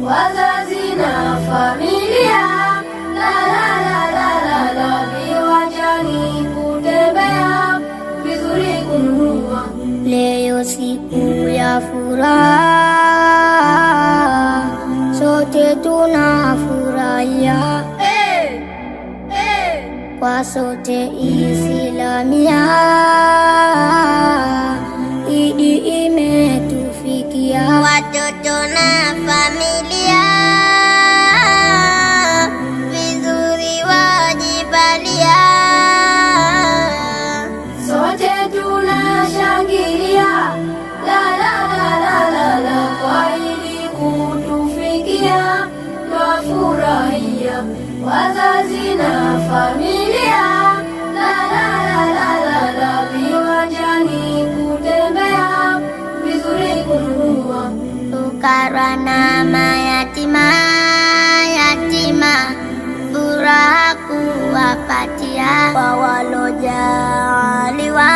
Wazazi na familia siku ya furaha, sote tunafurahia Kwa sote Isilamia, Idi imetufikia watoto na familia kuwapatia kwa walojaliwa,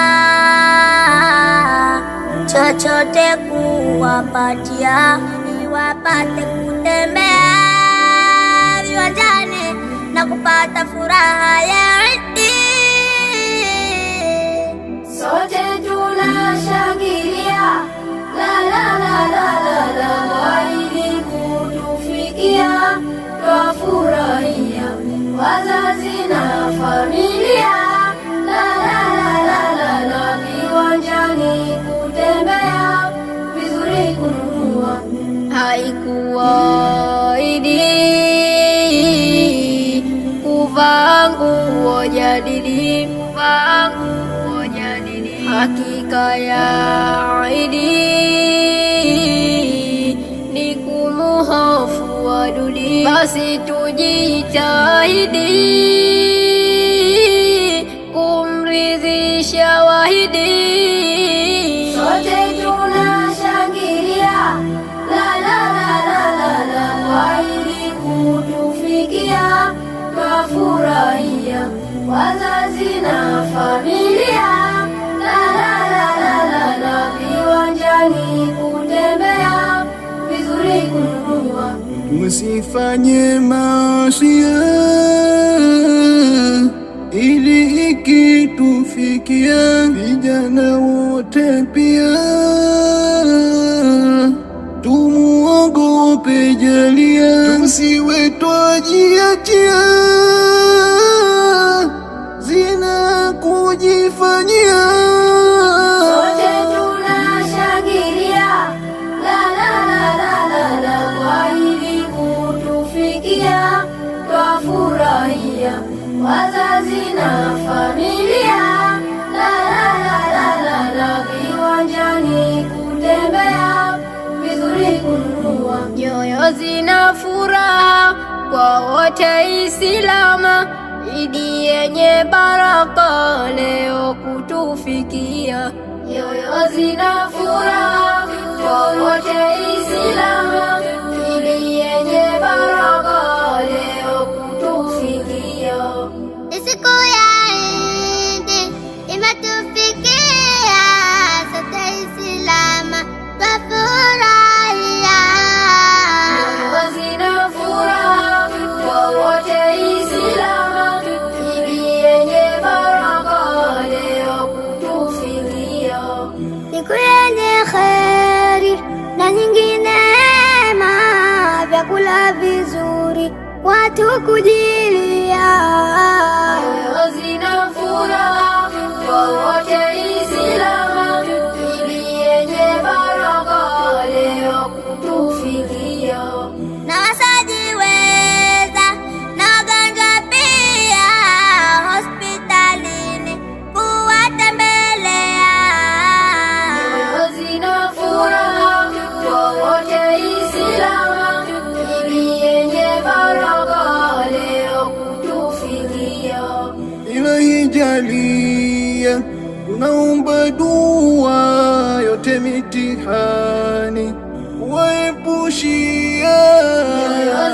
chochote kuwapatia ili wapate kutembea viwanjani na kupata furaha ya Idi. Sote tunashangilia wazazi na familia, la la la la la na viwanjani kutembea vizuri, kununua haikuwaidi kuvaa nguo jadidi, kuvaa nguo jadidi, hakika ya idi kurudi, basi tujitahidi kumridhisha wahidi. Sote tunashangilia wahidi kutufikia, twafurahia Usifanye maasia ili ikitufikia, vijana wote pia familia, wazazi na familia, la la la la la la, viwanjani kutembea vizuri, kununua nyoyo zina furaha kwa wote, Isilama idi yenye baraka leo kutufikia, nyoyo zina furaha watu kujilia, leo zina furaha tujalie, tunaomba dua yote mitihani, waepushia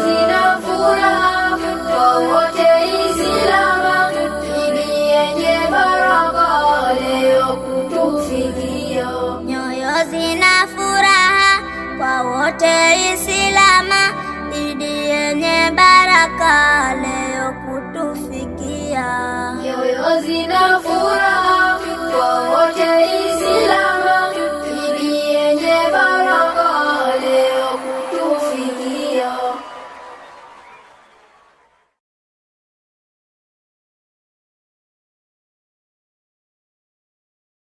zina furaha kwa wote Islama, dini yenye baraka zina furaha kwa wote Islam